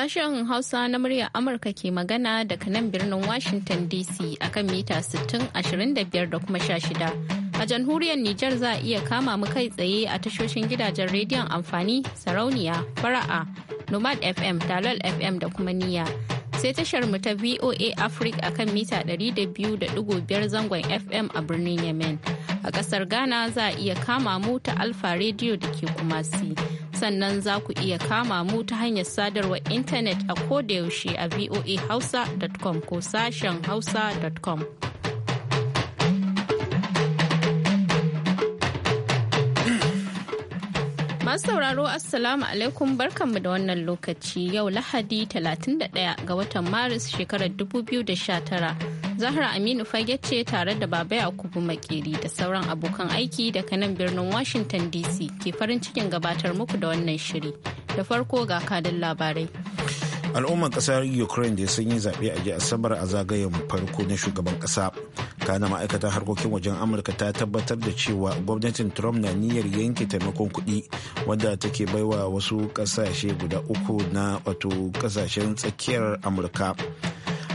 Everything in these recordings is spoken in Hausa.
Sashen Hausa na muryar Amurka ke magana daga nan birnin Washington DC akan mita 60, da kuma 16. A jamhuriyar Nijar za a iya kama mu kai tsaye a tashoshin gidajen rediyon amfani sarauniya, fara'a, Nomad FM, Dalal FM da kuma niya Sai tashar mu ta VOA Africa akan mita 200.5 zangon FM a birnin Yemen. A ƙasar Ghana za a iya kama mu ta Alfa Radio da ke Kumasi. sannan za ku iya kama mu ta hanyar sadarwar intanet a kodayaushe a voahausa.com ko sashen hausa.com. Masu sauraro Assalamu alaikum barkanmu da wannan lokaci yau Lahadi 31 ga watan Maris shekarar 2019. Zahra Aminu fage ce tare da Baba Yakubu Makeri da sauran abokan aiki daga nan birnin Washington DC ke farin cikin gabatar muku da wannan shiri. Da farko ga kadin labarai. Al'ummar kasar Ukraine da sun yi zaɓe a jiya Asabar a zagayen farko na shugaban ƙasa. Kana ma'aikatar harkokin wajen Amurka ta tabbatar da cewa gwamnatin Trump na niyyar yanke taimakon kuɗi wanda take baiwa wasu ƙasashe guda uku na wato ƙasashen tsakiyar Amurka.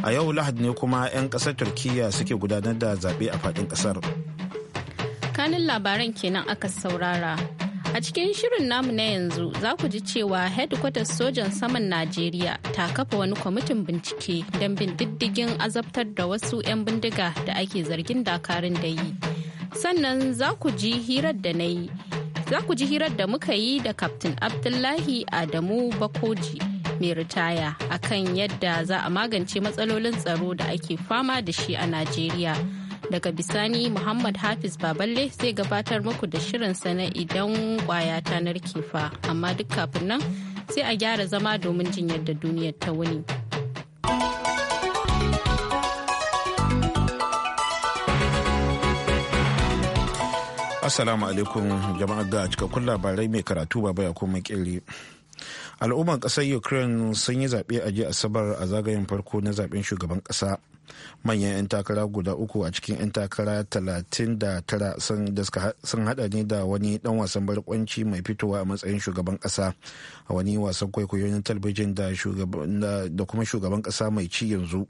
a yau lahadi ne kuma 'yan ƙasar turkiya suke gudanar da zaɓe a faɗin ƙasar kanin labaran kenan aka saurara a cikin shirin namu na yanzu za ku ji cewa hedkwatar sojan saman najeriya ta kafa wani kwamitin bincike don bin diddigin azabtar da wasu 'yan bindiga da ake zargin dakarun da yi sannan za ku ji hirar da na yi za ku ji hirar da muka yi da kaftin abdullahi adamu bakoji mai ritaya a kan yadda za a magance matsalolin tsaro da ake fama da shi a Najeriya. Daga bisani Muhammad Hafiz Baballe zai gabatar muku da shirin sana idan kwaya ta narke fa, amma duk kafin nan sai a gyara zama domin jin yadda duniyar ta wuni. Assalamu alaikum jama'a ga cikakkun labarai mai karatu baba ya kuma kere. al'ummar kasar ukraine sun yi zaɓe a jiya asabar a zagayen farko na zaɓen shugaban ƙasa manyan 'yan takara guda uku a cikin 'yan takara 39 sun hada ne da wani dan wasan barkwanci mai fitowa a matsayin shugaban ƙasa a wani wasan kwaikwayo na talbijin da kuma shugaban ƙasa mai ci yanzu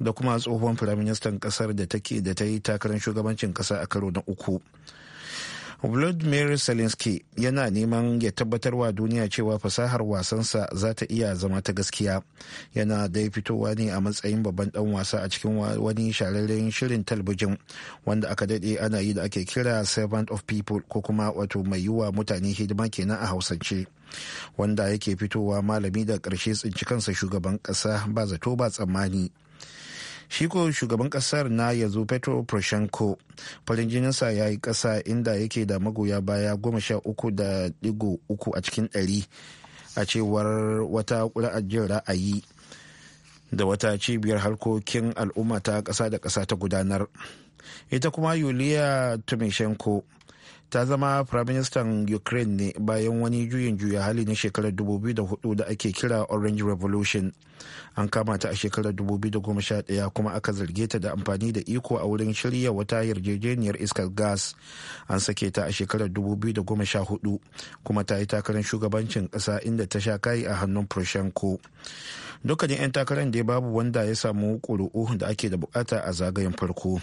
da kuma tsohon firaministan ƙasar da ta yi takarar shugabancin ƙasa a karo na uku Vladimir Zelensky yana neman ya tabbatar wa duniya cewa fasahar wasansa za ta iya zama ta gaskiya. Yana dai fitowa ne a matsayin babban dan wasa a cikin wani shahararren shirin talabijin wanda aka daɗe ana yi da ake kira servant of people ko kuma wato mai yiwa mutane hidima kenan a hausance. Wanda yake fitowa malami da ƙarshe tsinci kansa shugaban ƙasa ba zato ba tsammani. shi ko shugaban kasar na yanzu petro poroshenko farin jininsa ya yi kasa inda yake da magoya baya goma sha uku da digo uku a cikin ɗari a cewar wata ƙuri'ar jin ra'ayi da wata cibiyar harkokin al'umma ta ƙasa da ƙasa ta gudanar ita kuma yuliya tumishenko ta zama firaministan ukraine ne bayan wani juyin juya hali na shekarar 2004 da ake kira orange revolution an kama ta a shekarar 2011 kuma aka zarge ta da amfani da iko a wurin shirya wata yarjejeniyar iskar gas an sake ta a shekarar 2014 kuma ta yi takarar shugabancin ƙasa inda ta sha kayi a hannun poroshenko dukkanin 'yan takarar da babu wanda ya samu ƙuri'u da ake bukata a zagayen farko.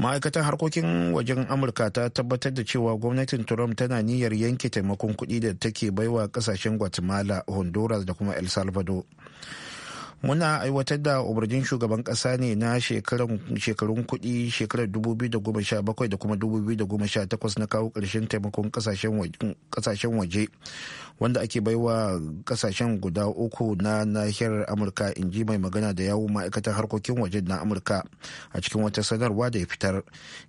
ma'aikatan harkokin wajen amurka ta tabbatar da cewa gwamnatin trump tana niyyar yanke taimakon kuɗi da take baiwa kasashen guatemala honduras da kuma el salvador muna aiwatar da umarnin shugaban kasa ne na shekarun kuɗi shekarar 2017 da kuma 2018 na kawo ƙarshen taimakon kasashen waje wanda ake baiwa kasashen guda uku na nahiyar amurka in ji mai magana da yawun ma'aikatar harkokin waje na amurka a cikin wata sanarwa da ya fitar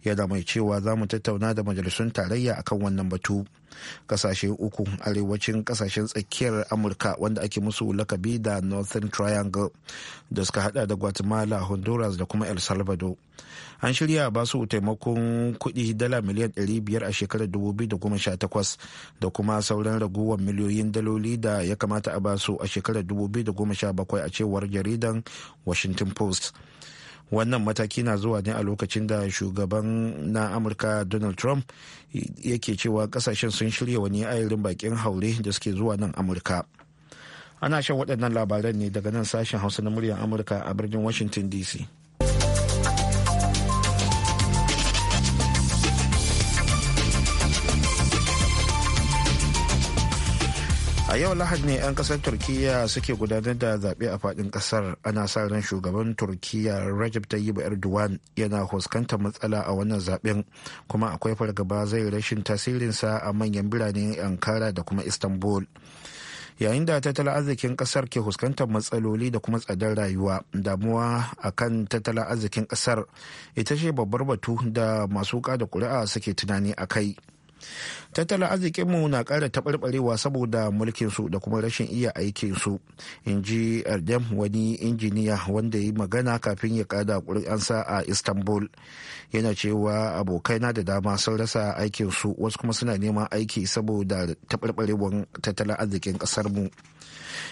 yana mai cewa za mu tattauna da majalisun tarayya akan wannan batu. kasashe uku arewacin kasashen tsakiyar amurka wanda ake musu lakabi da northern triangle da suka hada da guatemala honduras da kuma el salvador an shirya ba su taimakon kudi dala miliyan 500 a shekarar 2018 da kuma sauran raguwar miliyoyin daloli da ya kamata a basu a shekarar 2017 a cewar jaridan washington post wannan mataki na zuwa ne a lokacin da shugaban na amurka donald trump yake cewa kasashen sun shirya wani ayarin bakin haure da suke zuwa nan amurka ana shan waɗannan labaran ne daga nan sashen hausa na muryar amurka a birnin washington dc a yau lahad ne 'yan kasar turkiya suke gudanar da zaɓe a faɗin ƙasar ana sa ran shugaban turkiya rajab tayyip erdogan yana fuskantar matsala a wannan zaɓen kuma akwai fargaba zai rashin tasirinsa a manyan biranen ankara da kuma istanbul yayin da tattalin arzikin kasar ke huskantar matsaloli da kuma tsadar rayuwa damuwa akan tattalin arzikin kasar ita ce babbar batu da masu da kuri'a suke tunani a kai tattalin arzikinmu na ƙara taɓarɓarewa saboda mulkin su da kuma rashin iya aikinsu in ji erdem wani injiniya wanda ya yi magana kafin ya ƙada ƙuri'ansa a istanbul yana cewa abokaina da dama sun rasa aikinsu wasu kuma suna neman aiki saboda taɓarɓarewar tattalin arzikin ƙasarmu. mu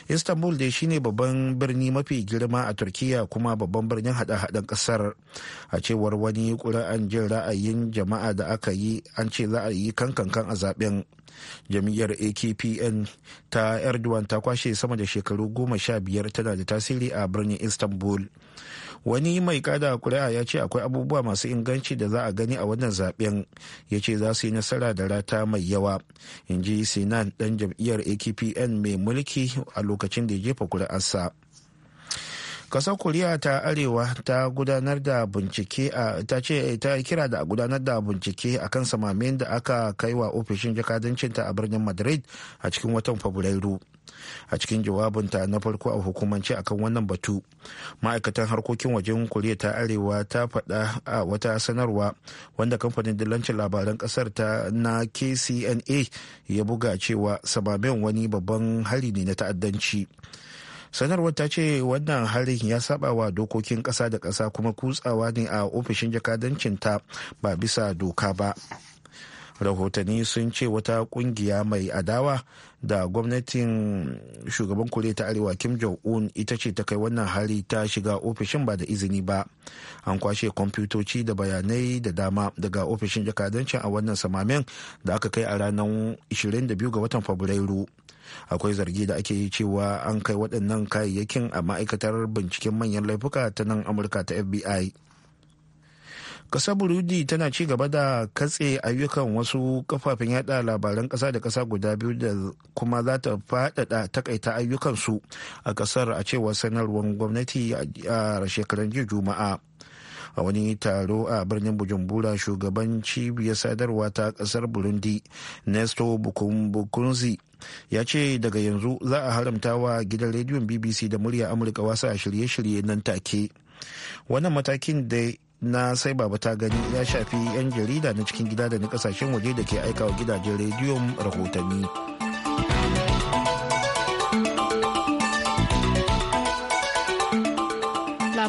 istanbul dai shine babban birni mafi girma a turkiya kuma babban birnin hada-hadan kasar a cewar wani ƙuri'an jin ra'ayin jama'a da aka yi an ce za a yi kankankan a zaben jam'iyyar akpn ta erdogan ta kwashe sama da shekaru goma sha biyar tana da tasiri a birnin istanbul wani mai kada kuri'a ya ce akwai abubuwa masu inganci da za a gani a wannan zaben ya ce za su yi nasara da rata mai yawa in ji sinan dan jam'iyyar akpn mai mulki a lokacin da ya jefa kuri'arsa. kasar koriya ta arewa ta gudanar da bincike ta ce ta kira da gudanar da bincike akan samamin da aka kai wa ofishin jakadancinta a birnin madrid a cikin watan fabrairu a cikin jawabinta na farko a hukumance akan wannan batu ma'aikatan harkokin wajen koriya ta arewa ta faɗa a wata sanarwa wanda kamfanin dillancin labaran ƙasar ta na kcna ya buga cewa samamin wani babban hari ne na ta'addanci sanarwar ta ce wannan harin ya saba wa dokokin kasa da kasa kuma kutsawa ne a ofishin jakadancin ta ba bisa doka ba rahotanni sun ce wata kungiya mai adawa da gwamnatin shugaban koriya ta arewa kim jong-un ita ce ta kai wannan hari ta shiga ofishin ba da izini ba an kwashe kwamfutoci da bayanai da dama daga ofishin jakadancin a wannan samamin da aka kai a ranar 22 ga watan fabrairu akwai zargi da ake yi cewa an kai waɗannan kayayyakin a ma'aikatar binciken manyan laifuka ta nan amurka ta fbi ƙasar burundi tana ci gaba da katse ayyukan wasu kafafen yada labaran ƙasa da ƙasa guda biyu da kuma za ta faɗaɗa takaita ayyukansu a kasar a cewar sanarwar gwamnati a shekaran jiya juma'a a wani taro a birnin bujumbura shugaban cibiyar sadarwa ta kasar burundi nesto bukunzi ya ce daga yanzu za a haramta wa gidan rediyon bbc da murya amurka wasa shirye-shirye nan take wannan matakin da na sai baba ta gani ya shafi 'yan jarida na cikin gida da na kasashen waje da ke aikawa gidajen rediyon rahotanni.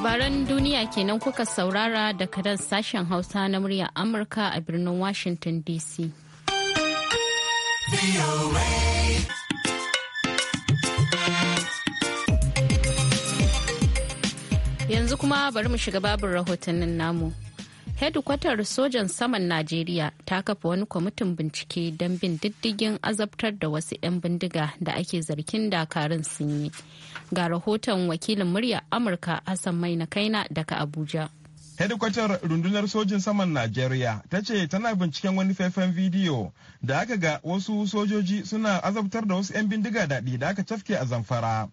Labaran duniya kenan kuka saurara da kadan sashen Hausa na murya Amurka a birnin Washington DC. Yanzu kuma bari mu shiga babin rahotannin namu. hedikwatar sojan saman najeriya ta kafa wani kwamitin bincike don bin diddigin azabtar da wasu 'yan bindiga da ake zargin dakarun sun yi ga rahoton wakilin murya amurka hassan mai na kaina daga abuja hedikwatar rundunar sojin saman najeriya ta ce tana binciken wani faifan bidiyo da aka ga wasu sojoji suna azabtar da wasu 'yan bindiga daɗi da aka cafke a zamfara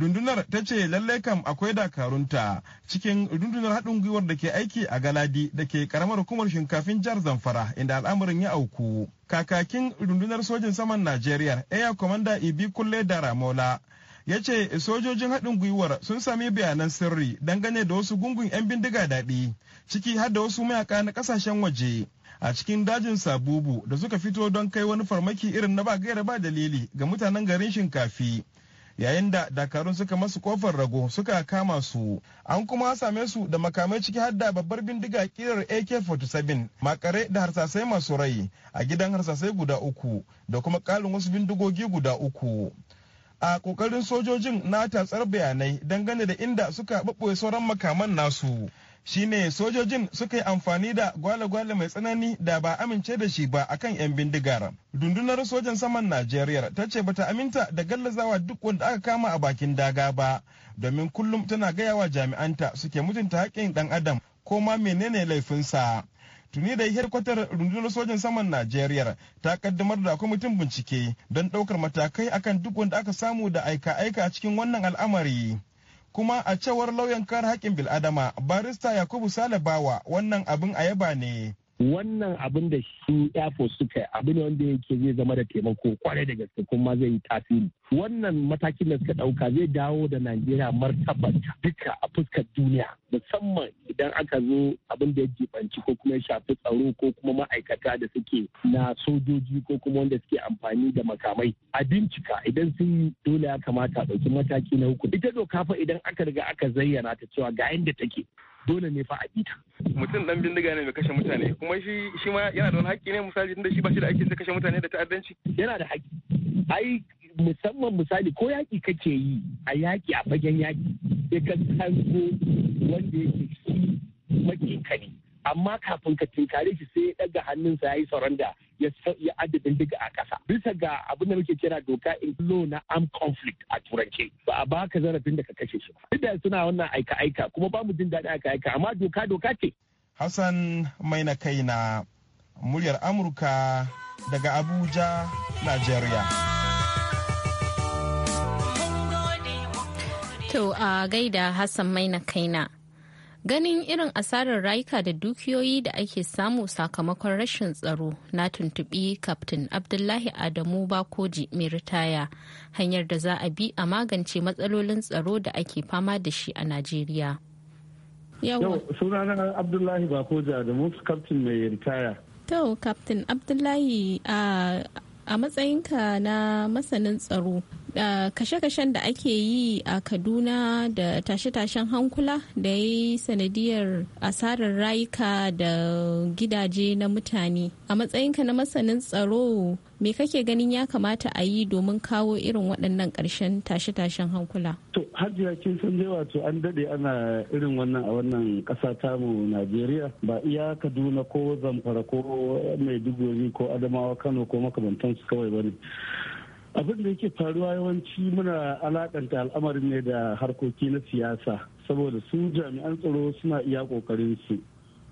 rundunar ta ce lallai kam akwai dakarunta cikin rundunar haɗin gwiwar da ke aiki a galadi da ke karamar hukumar shinkafin jihar zamfara inda al'amarin ya auku kakakin rundunar sojin saman najeriya air commander ibi kulle da ramola ya ce sojojin haɗin gwiwar sun sami bayanan sirri dangane da wasu gungun 'yan bindiga daɗi ciki har da wasu mayaka na ƙasashen waje a cikin dajin sabubu da suka fito don kai wani farmaki irin na ba gaira ba dalili ga mutanen garin shinkafi yayin da dakarun suka masu kofar rago suka kama su an kuma same su da makamai ciki har babbar bindiga kirar ak-47 makare da harsasai masu rai a gidan harsasai guda uku da kuma kalin wasu bindigogi guda uku a kokarin sojojin na tatsar bayanai dangane da inda suka ɓaɓɓoye sauran makaman nasu shine sojojin suka yi amfani da gwale-gwale mai tsanani da ba amince da shi ba akan 'yan bindigar. Dundunar sojan saman Najeriya ta ce bata aminta da gallazawa duk wanda aka kama a bakin daga ba, domin kullum tana gaya wa jami'anta suke mutunta haƙƙin ɗan adam ko ma menene laifinsa. tuni da hedkwatar rundunar sojan saman najeriya ta kaddamar da kwamitin bincike don ɗaukar matakai akan duk wanda aka samu da aika-aika a cikin wannan al'amari kuma a cewar lauyan kar haƙƙin bil'adama barista yakubu sale bawa wannan abin a yaba ne wannan abin da su airport suka abu ne wanda yake zai zama da taimako kwarai da gaske kuma zai yi tasiri wannan matakin da suka dauka zai dawo da najeriya martabanta duka a fuskar duniya musamman idan aka zo abin da ya jibanci ko kuma ya shafi tsaro ko kuma ma'aikata da suke na sojoji ko kuma wanda suke amfani da makamai a bincika idan sun yi dole ya kamata a ɗauki mataki na hukunci ita doka fa idan aka riga aka zayyana ta cewa ga yadda take dole ne fa a ita. mutum dan bindiga ne mai kashe mutane kuma shi shi ma yana da wani haƙƙi ne misali tunda shi ba shi da ake sai kashe mutane da ta'addanci yana da haƙƙi ai musamman misali ko yaƙi kake yi a yaƙi a fagen yaƙi sai ka kango wanda yake shi maƙinka amma kafin ka tinkare shi sai ya ɗaga hannunsa ya yi saranda ya adadin diga a ƙasa bisa ga abin da muke kira doka in law na arm conflict a turanci ba a baka zarafin da ka kashe su duk da suna wannan aika aika kuma ba mu jin daɗi aika aika amma doka doka ce Hassan mai na kai na muryar Amurka daga Abuja, Najeriya. To a gaida Hassan mai kai Kaina. Ganin irin asarar rayuka da dukiyoyi da ake samu sakamakon rashin tsaro na tuntubi Kaftin Abdullahi Adamu Bakoji mai ritaya hanyar da za a bi a magance matsalolin tsaro da ake fama da shi a Najeriya. Yau sunana Abdullahi Bakoji Adamu Kaftin mai ritaya. To, Abdullahi ah, a matsayinka na masanin tsaro da kashe-kashen da ake yi a kaduna da tashe-tashen hankula da ya yi sanadiyar asarar rayuka da gidaje na mutane a matsayinka na masanin tsaro me kake ganin ya kamata a yi domin kawo irin waɗannan ƙarshen tashe-tashen hankula to hajjiya kin san dai wato an daɗe ana irin wannan a wannan ƙasa ta mu najeriya ba iya kaduna ko zamfara ko mai maiduguri ko adamawa kano ko makamantansu kawai ba ne abin da yake faruwa yawanci muna alakanta al'amarin ne da harkoki na siyasa saboda su jami'an tsaro suna iya kokarin su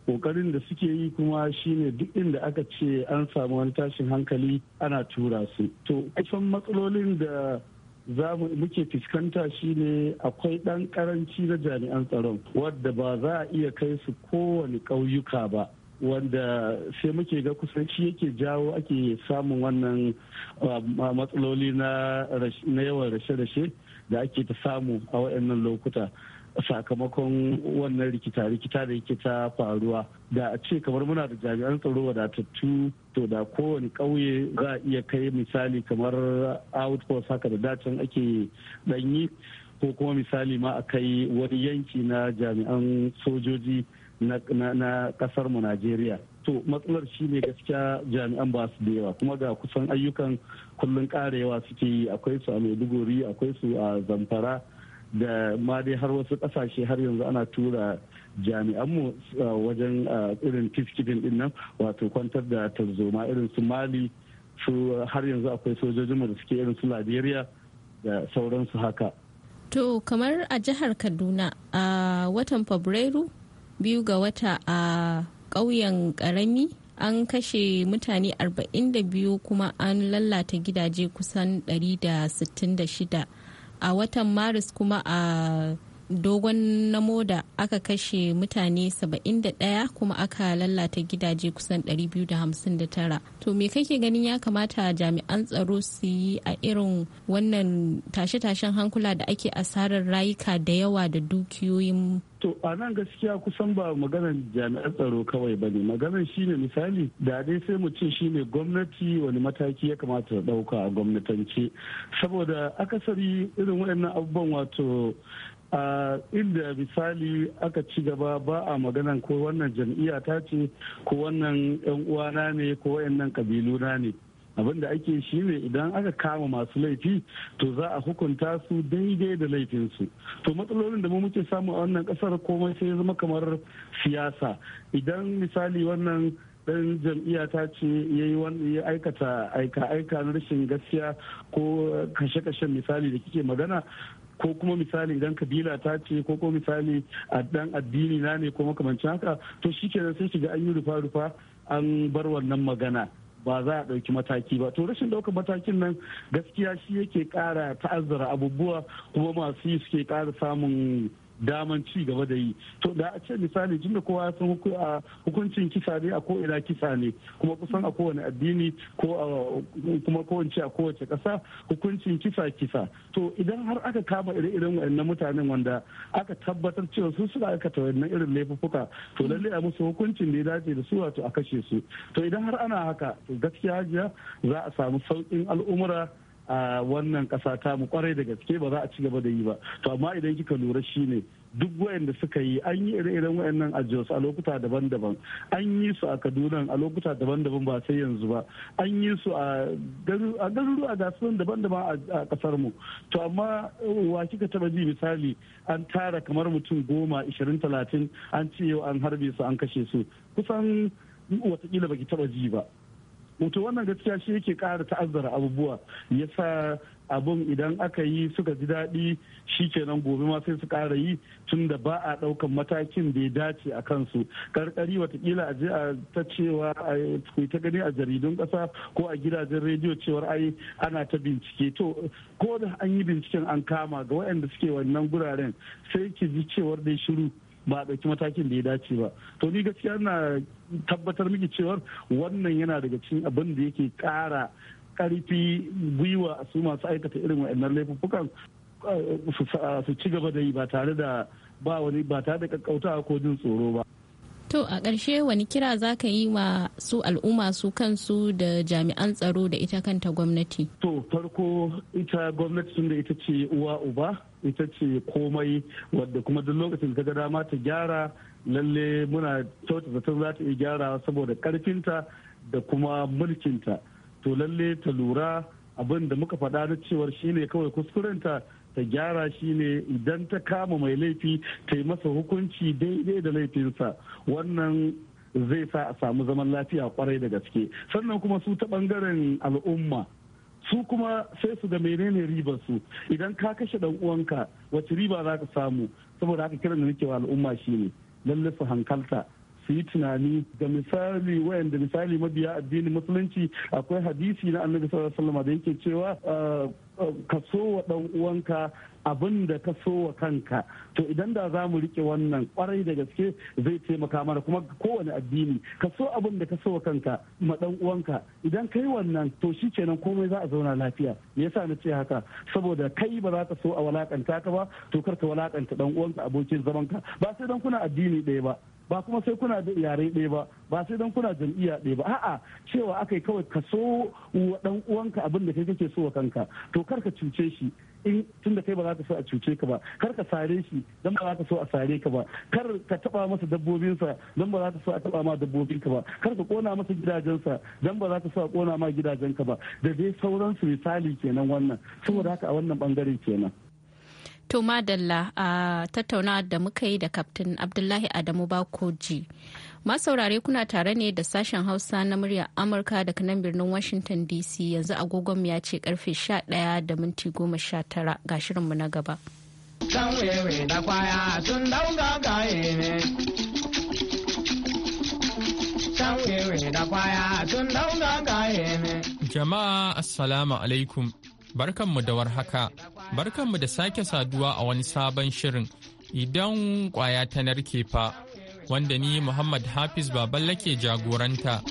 kokarin da suke yi kuma shine duk inda aka ce an samu wani tashin hankali ana tura su to kusan matsalolin da za mu muke fuskanta shine akwai ɗan karanci na jami'an tsaron wadda ba za a iya kai su kowane ƙauyuka ba wanda sai muke ga kusan shi yake jawo ake samun wannan ah, matsaloli na yawan rashe-rashe da ake ta samu a waɗannan lokuta sakamakon wannan rikita-rikita da yake ta faruwa da a ce kamar muna da jami'an tsaro wadatattu to da kowane ƙauye za a iya kai misali kamar outpost haka da dacin ake ɗanyi ko kuma misali ma a kai wani yanki na jami'an sojoji na kasar mu Najeriya. to matsalar shi ne gaskiya jami'an ba su da yawa kuma ga kusan ayyukan kullum karewa suke yi akwai su a maiduguri akwai su a zamfara da ma dai har wasu kasashe har yanzu ana tura jami'anmu wajen irin peacekeeping din nan wato kwantar da tarzoma irin su mali su har yanzu akwai sojojinmu da suke irin su liberia da sauransu haka to kamar a jihar kaduna a watan fabrairu biyu ga wata a ƙauyen ƙarami an kashe mutane 42 kuma an lalata gidaje kusan 166 a watan maris kuma a dogon namo da aka kashe mutane 71 kuma aka lalata gidaje kusan 259 to me kake ganin ya kamata jami'an tsaro su yi a irin wannan tashe-tashen hankula da ake asarar rayuka da yawa da dukiyoyin To a nan gaskiya kusan ba maganar jami'an tsaro kawai ba ne maganar shi ne misali da dai sai mu ce shi ne gwamnati wani mataki ya kamata da ɗauka a gwamnatance saboda akasari irin waɗannan abubuwan wato inda misali aka ci gaba ba a maganan ko wannan jam'iyya ta ce ko wannan yan uwana ne ko wayannan kabiluna ne abin da ake shi ne idan aka kama masu laifi to za a hukunta su daidai da laifinsu to matsalolin da muke samu a wannan kasar komai sai zama kamar siyasa idan misali wannan dan jam'iyya ta ce ya yi aikata aika-aika na rashin gaskiya ko kashe-kashen misali da kike magana ko kuma misali idan kabila ta ce ko kuma misali a dan addini na ne ko makamancin haka to shi shikenan sai shiga an yi rufa rufa an bar wannan magana ba za a ɗauki mataki ba to rashin ɗaukar matakin nan gaskiya shi yake ƙara ta'azzara abubuwa kuma masu yi suke ƙara samun daman ci gaba da yi to da a ce misali tunda kowa ya san hukuncin kisa ne a ko ina kisa ne kuma kusan a kowane addini ko kuma kowace a kowace kasa hukuncin kisa kisa to idan har aka kama ire-iren waɗannan mutanen wanda aka tabbatar cewa su suka aikata waɗannan irin laifuka to lalle a musu hukuncin da ya dace da su wato a kashe su to idan har ana haka to gaskiya za a samu saukin al'umura a wannan kasa ta mu kwarai da gaske ba za a ci gaba da yi ba to amma idan kika lura shi ne duk wayanda suka yi an yi ire-iren wayannan a Jos a lokuta daban-daban an yi su a Kaduna a lokuta daban-daban ba sai yanzu ba an yi su a garuruwa ga su daban-daban a kasar mu to amma uh, wa kika taba ji misali an tara kamar mutum goma ishirin talatin an ce yau an harbe su an kashe su kusan watakila ki taba ji ba wato wannan gaskiya shi yake kara ta'azzara abubuwa yasa abun idan aka yi suka ji daɗi shi kenan gobe ma sai su kara yi tun da ba a ɗaukan matakin da ya dace a kansu karkari watakila a ta cewa ku ta gani a jaridun ƙasa ko a gidajen rediyo cewar ai ana ta bincike to ko da an yi binciken an kama ga waɗanda suke wannan guraren sai ki ji cewar dai shiru ba a ɗauki matakin da ya dace ba to ni gaskiya na tabbatar miki cewar wannan yana daga cikin abin da yake ƙara ƙarfi gwiwa a su masu aikata irin wa'annan laifukan eh, su ci gaba da yi ba tare da ba wani ba tare da kakkautawa ko jin tsoro ba To a ƙarshe wani kira za ka yi wa su al'umma su kansu da jami'an tsaro da ita kanta gwamnati? To farko ita gwamnati sun da ita ce uwa uba ita ce komai wadda kuma duk lokacin ta ga dama ta gyara lalle muna kyautata zaton za ta iya gyara saboda karfinta da kuma mulkinta to lalle ta lura abin da muka faɗa na cewar shine kawai kuskurenta ta gyara shine idan ta kama mai laifi ta yi masa hukunci daidai da laifinsa wannan zai sa a samu zaman lafiya kwarai da gaske sannan kuma su ta bangaren al'umma su kuma sai su ga menene ribar su idan ka kashe dan uwanka wace riba za ka samu saboda haka kiran da nake wa al'umma shine lalle su hankalta su yi tunani da misali wayanda misali mabiya addinin musulunci akwai hadisi na annabi sallallahu alaihi wasallam da yake cewa ah, ah, ka so wa dan uwanka abin da ka so wa kanka to idan da za mu rike wannan kwarai da gaske zai taimaka mana kuma kowane addini ka so abin da ka so wa kanka ma dan uwanka idan kai wannan to shi kenan komai za a zauna lafiya me yasa na ce haka saboda kai ba za ka so a walakanta ka ba to kar ka walakanta dan uwanka abokin zamanka ba sai dan kuna addini ɗaya ba ba kuma sai kuna da yare ɗaya ba ba sai don kuna jam'iyya ɗaya ba a'a cewa akai kawai ka so wa dan uwanka abin da kai kake so wa kanka to kar ka cuce shi in tun kai ba za ka so a cuce ka ba kar ka sare shi don ba za ka so a sare ka ba kar ka taba masa dabbobinsa don ba za ka so a taba ma dabbobin ka ba kar ka kona masa gidajensa don ba za ka so a kona ma gidajen ka ba da dai sauransu misali kenan wannan saboda haka a wannan bangaren kenan To Madalla a tattaunawa da muka yi da Kaftin Abdullahi Adamu Bakoji. saurare kuna tare ne da sashen hausa na muryar amurka daga nan birnin washington dc yanzu agogon ya ce karfe 11 da minti 19 ga shirinmu na gaba jama'a assalamu alaikum barkanmu da warhaka, barkanmu da sake saduwa a wani sabon shirin idan kwaya ta narke fa, wanda ni Muhammad Hafiz Baballe ke jagoranta.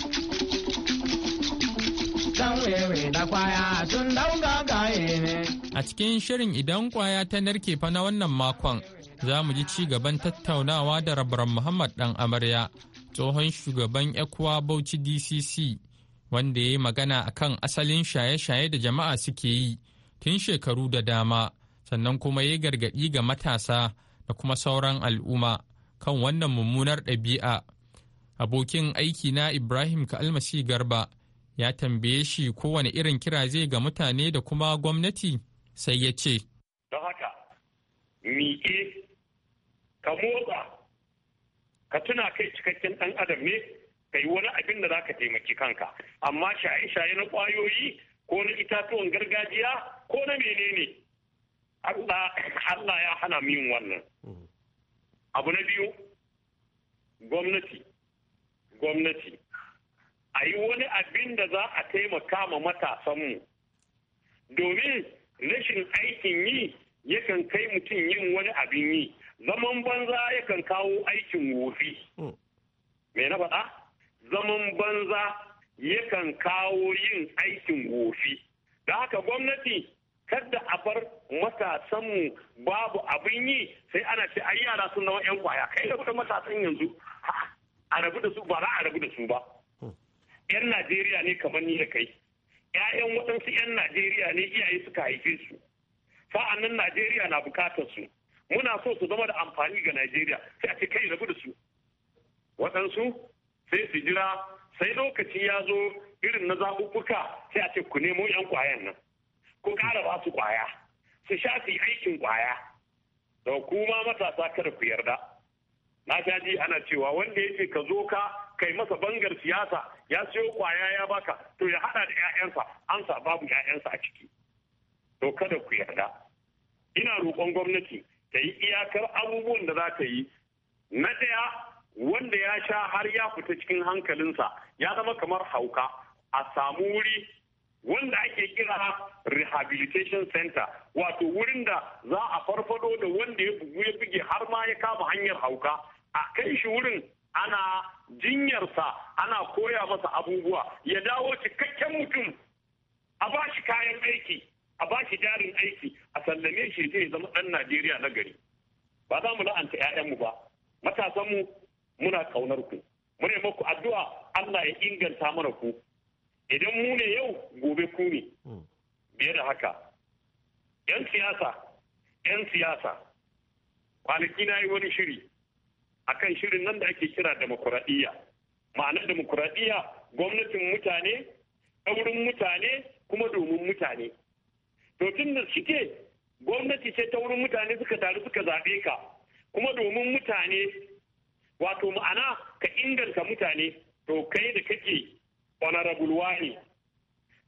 A cikin shirin idan kwaya ta narke fa na wannan makon, za mu ji ci gaban tattaunawa da rabaran Muhammad ɗan amarya, tsohon shugaban ekuwa Bauchi DCC. wanda ya yi magana a kan asalin shaye-shaye da jama'a suke yi tun shekaru da dama sannan kuma ya gargaɗi ga matasa da kuma sauran al'umma kan wannan mummunar ɗabi'a abokin aiki na ibrahim kalmasi garba ya tambaye shi kowane irin kira zai ga mutane da kuma gwamnati sai ya ce don haka mike ka motsa ka tuna kai cikakken ɗan adam ne ka yi wani abin da za ka taimaki kanka amma shaye-shaye na kwayoyi ko na itatuwan gargajiya ko na menene Allah ya hana min wannan mm. abu na biyu gwamnati gwamnati a yi wani abin da za a taimaka ma matasanmu domin rashin aikin yi yakan kai mutum yin wani abin yi zaman banza yakan kawo aikin wofi mm. me na faɗa zaman banza yakan kawo yin aikin gofi da haka gwamnati kadda a bar matasanmu babu abin yi sai ana ce ayi yara sun zama 'yan kwaya kai da kuka matasan yanzu a rabu da su ba za a rabu da su ba 'yan najeriya ne kamar ni da kai 'ya'yan waɗansu 'yan najeriya ne iyaye suka haife su sa'an nan najeriya na bukatar su muna so su zama da amfani ga najeriya sai a ce kai rabu da su waɗansu sai su jira sai lokaci ya zo irin na zaɓuɓɓuka sai a ce ku nemo 'yan kwayan nan ku ƙara ba su kwaya su sha su aikin kwaya da kuma matasa kada ku yarda na sha ji ana cewa wanda yake ka zo ka kai masa bangar siyasa ya siyo kwaya ya baka to ya haɗa da 'ya'yansa ansa babu 'ya'yansa a ciki to kada ku yarda ina roƙon gwamnati ta yi iyakar abubuwan da za ta yi na ɗaya wanda ya sha har ya fita cikin hankalinsa ya zama kamar hauka a samu wuri wanda ake kira rehabilitation center wato wurin da za a farfado da wanda ya bugu ya buge har ma ya kama hanyar hauka a kai shi wurin ana jinyarsa ana koya masa abubuwa ya dawo cikakken mutum a ba shi kayan aiki a ba shi jarin aiki a sallame shi zai zama ɗan najeriya na gari ba za mu la'anta 'ya'yanmu ba matasanmu muna kaunar ku muna maku addu'a Allah ya inganta mana ku idan mu ne yau gobe ku ne biye hmm. da haka yan siyasa yan siyasa kwanaki na yi wani shiri akan shirin nan da ake kira demokuraɗiyya ma'ana demokuraɗiyya gwamnatin mutane taurin mutane kuma domin mutane to tun da suke gwamnati ce taurin mutane suka taru suka zaɓe ka kuma domin mutane wato ma'ana ka inganta mutane to kai da kake honorable wani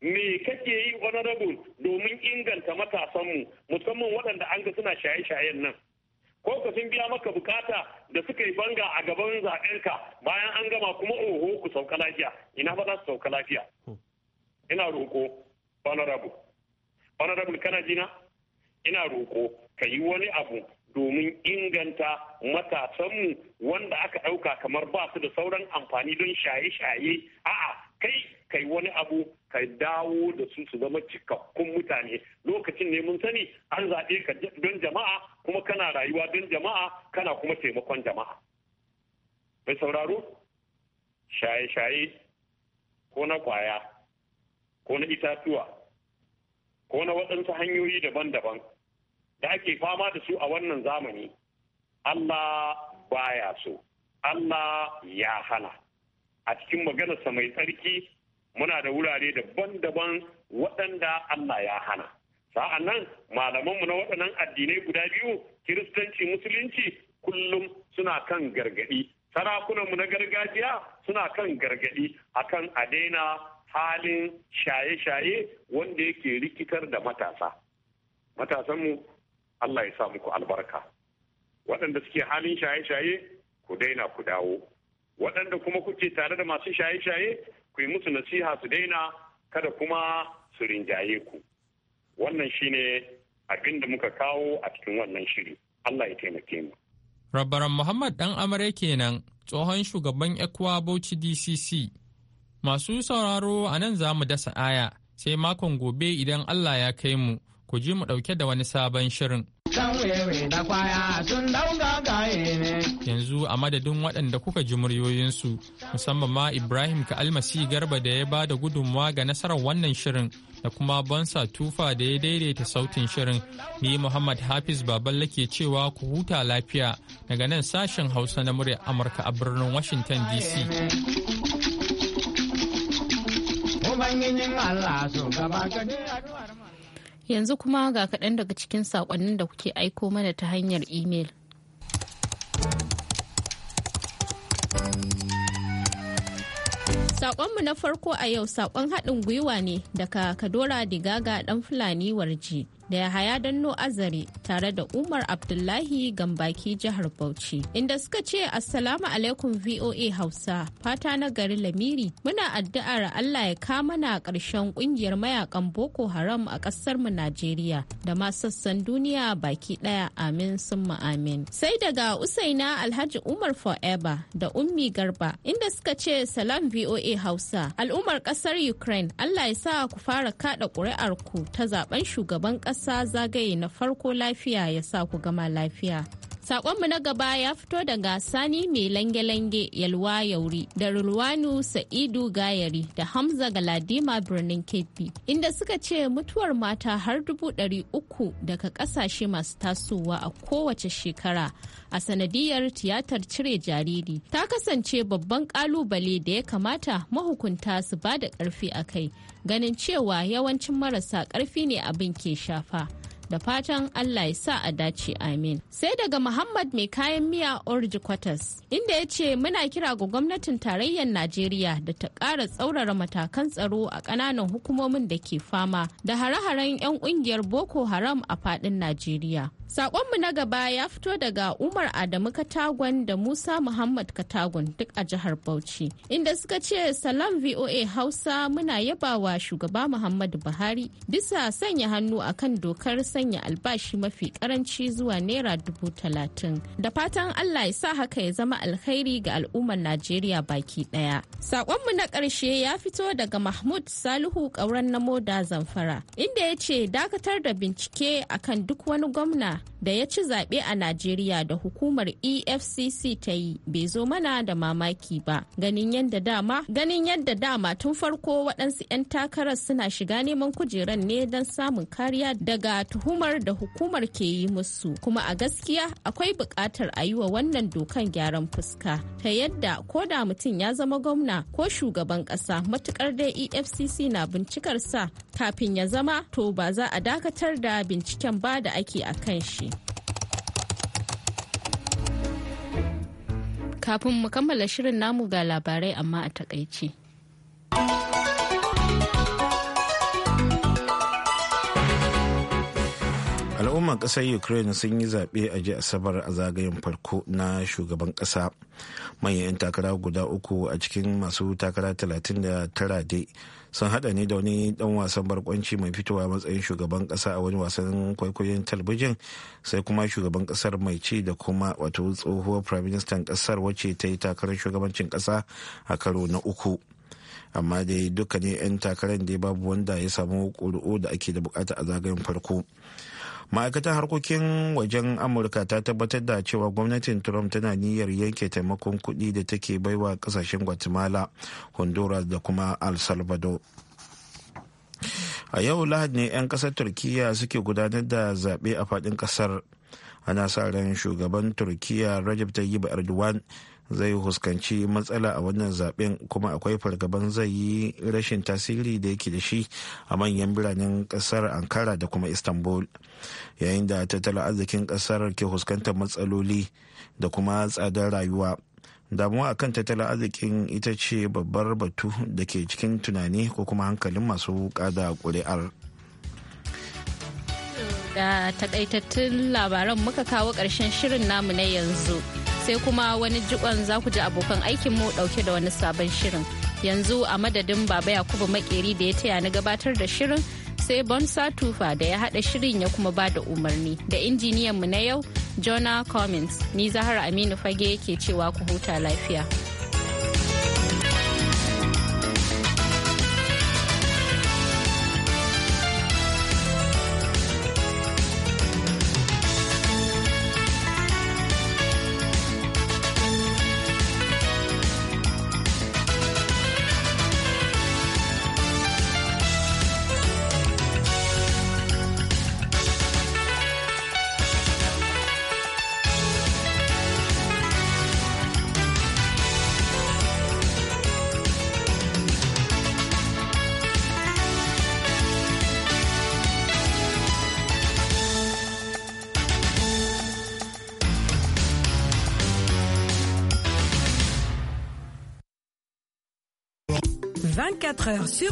me kake yi honorable domin inganta matasanmu musamman waɗanda an ga suna shaye-shayen nan ko ka sun biya maka bukata da suka yi banga a gaban ka bayan an gama kuma oho ku sauka lafiya ina ba za su sauka lafiya hmm. ina roƙo honorable honorable kana jina ina roƙo ka yi wani abu domin inganta matasanmu wanda aka ɗauka kamar ba su da sauran amfani don shaye-shaye a'a kai kai wani abu ka dawo da su su zama cikakkun mutane lokacin ne mun sani an zaɓe ka don jama'a kuma kana rayuwa don jama'a kana kuma taimakon jama'a mai sauraro shaye-shaye ko na kwaya ko na itatuwa ko na waɗansu hanyoyi daban-daban da ake fama da su a wannan zamani Allah baya so Allah ya hana a cikin maganarsa mai tsarki muna da wurare daban-daban waɗanda Allah ya hana sa'annan malamanmu na waɗannan addinai guda biyu kiristanci musulunci kullum suna kan gargaɗi sarakunanmu na gargajiya suna kan gargaɗi akan a daina halin shaye-shaye wanda yake rikitar da matasa matasanmu Allah ya sa muku albarka waɗanda suke halin shaye-shaye ku daina ku dawo waɗanda kuma kuke tare da masu shaye-shaye ku yi musu nasiha su daina kada kuma su rinjaye ku wannan shine abin da muka kawo a cikin wannan shiri Allah ya taimake mu Rabaran Muhammad ɗan Amare kenan tsohon shugaban Ekwa Bauchi DCC masu sauraro a nan za mu dasa aya sai makon gobe idan Allah ya kai mu ku ji mu ɗauke da wani sabon shirin. Yanzu a madadin waɗanda kuka ji muryoyinsu musamman ma Ibrahim Ka'almasi Garba da ya ba da gudunmawa ga nasarar wannan shirin da kuma bansa Tufa da ya daidaita sautin shirin. Ni Muhammad Hafiz Baballe ke cewa ku huta lafiya daga nan sashen Hausa na muryar Amurka a birnin Washington DC. Ubangijin Allah so gaba ka Yanzu kuma ga kaɗan daga cikin saƙonnin da kuke aiko mana ta hanyar imel. Saƙonmu na farko a yau saƙon haɗin gwiwa ne daga Kadora Digaga ɗan Fulani Warji da Yahaya Danno Azare tare da Umar Abdullahi Gambaki jihar Bauchi inda suka ce Assalamu alaikum VOA Hausa fata na gari Lamiri muna addu'ar Allah ya kama na ƙarshen ƙungiyar mayakan Boko Haram a ƙasar mu Najeriya da ma sassan duniya baki ɗaya amin summa amin. Sai daga Usaina Alhaji Umar Forever da Ummi Garba inda suka ce salam VOA Hausa al'ummar ƙasar Ukraine Allah ya sa ku fara kaɗa ku ta zaben shugaban ƙasa ƙasa zagaye na farko lafiya ya sa ku gama lafiya. Sakonmu na gaba ya fito daga Sani mai lange-lange Yalwa Yauri da Rulwanu Sa'idu Gayari da Hamza ga ladima birnin Kebbi inda suka ce mutuwar mata har dubu ɗari uku daga ƙasashe masu tasowa a kowace shekara a sanadiyar tiyatar cire jariri ta kasance babban ƙalubale da ya kamata mahukunta su ba da ƙarfi a kai ganin cewa yawancin marasa ƙarfi ne abin ke shafa. da fatan Allah ya sa a dace amin. Sai daga Muhammad mai kayan miya Orji Kwatas inda ya ce muna kira ga gwamnatin tarayyar Najeriya da ta ƙara tsaurara matakan tsaro a ƙananan hukumomin da ke fama da hare-haren 'yan ƙungiyar Boko Haram a faɗin Najeriya. Saƙonmu na gaba ya fito daga Umar Adamu Katagon da Musa Muhammad Katagon duk a jihar Bauchi, inda suka ce Salam VOA Hausa muna yabawa shugaba Muhammadu Buhari bisa sanya hannu akan dokar san sanya albashi mafi karanci zuwa naira dubu talatin da fatan allah ya sa haka ya zama alkhairi ga al'ummar najeriya baki daya sakonmu na karshe ya fito daga mahmud salihu ƙauren na moda zamfara inda ya ce dakatar da bincike akan duk wani gwamna da ya ci zaɓe a najeriya da hukumar efcc ta yi bai zo mana da mamaki ba ganin yadda dama ganin yadda dama tun farko waɗansu 'yan takarar suna shiga neman kujeran ne don samun kariya daga tuhum hukumar da hukumar ke yi musu kuma a gaskiya akwai buƙatar a yi wa wannan dokan gyaran fuska ta yadda ko da mutum ya zama gwamna ko shugaban ƙasa matukar dai efcc na bincikar sa kafin ya zama to ba za a dakatar da binciken ba da ake a kan shi kafin mu kammala shirin namu ga labarai amma a takaice. al'umman ƙasar ukraine sun yi zaɓe a ji asabar a zagayen farko na shugaban ƙasa manyan takara guda uku a cikin masu takara 39 dai sun hada ne da wani dan wasan barkwanci mai fitowa matsayin shugaban ƙasa a wani wasan kwaikwayon talabijin sai kuma shugaban ƙasar mai ci da kuma wato tsohuwar prime minister kasar wacce ta yi takarar shugabancin ƙasa a karo na uku amma dai duka ne 'yan takarar da babu wanda ya samu ƙuri'u da ake da bukata a zagayen farko ma'aikatar harkokin wajen amurka ta tabbatar da cewa gwamnatin trump tana niyyar yanke taimakon kuɗi da take baiwa kasashen guatemala honduras da kuma el salvador a yau lahadi ne 'yan kasar turkiya suke gudanar da zaɓe a faɗin ƙasar ana sa ran shugaban turkiya rajab tayyip erdogan zai huskanci matsala a wannan zaben kuma akwai fargaban zai yi rashin tasiri da yake da shi a manyan biranen kasar ankara da kuma istanbul yayin da tattalin arzikin kasar ke huskantar matsaloli da kuma tsadar rayuwa damuwa akan tattalin arzikin ita ce babbar batu da ke cikin tunani ko kuma hankalin masu kada kuri'ar. da takaitattun labaran muka kawo ƙarshen shirin namu na yanzu sai kuma wani jikon za ku ji abokan aikinmu dauke da wani sabon shirin yanzu a madadin baba yakubu makeri da ya taya na gabatar da shirin sai bonsa tufa da ya hada shirin ya kuma ba da umarni da injiniyanmu na yau jona commons ni zahara aminu fage yake cewa ku huta lafiya. merci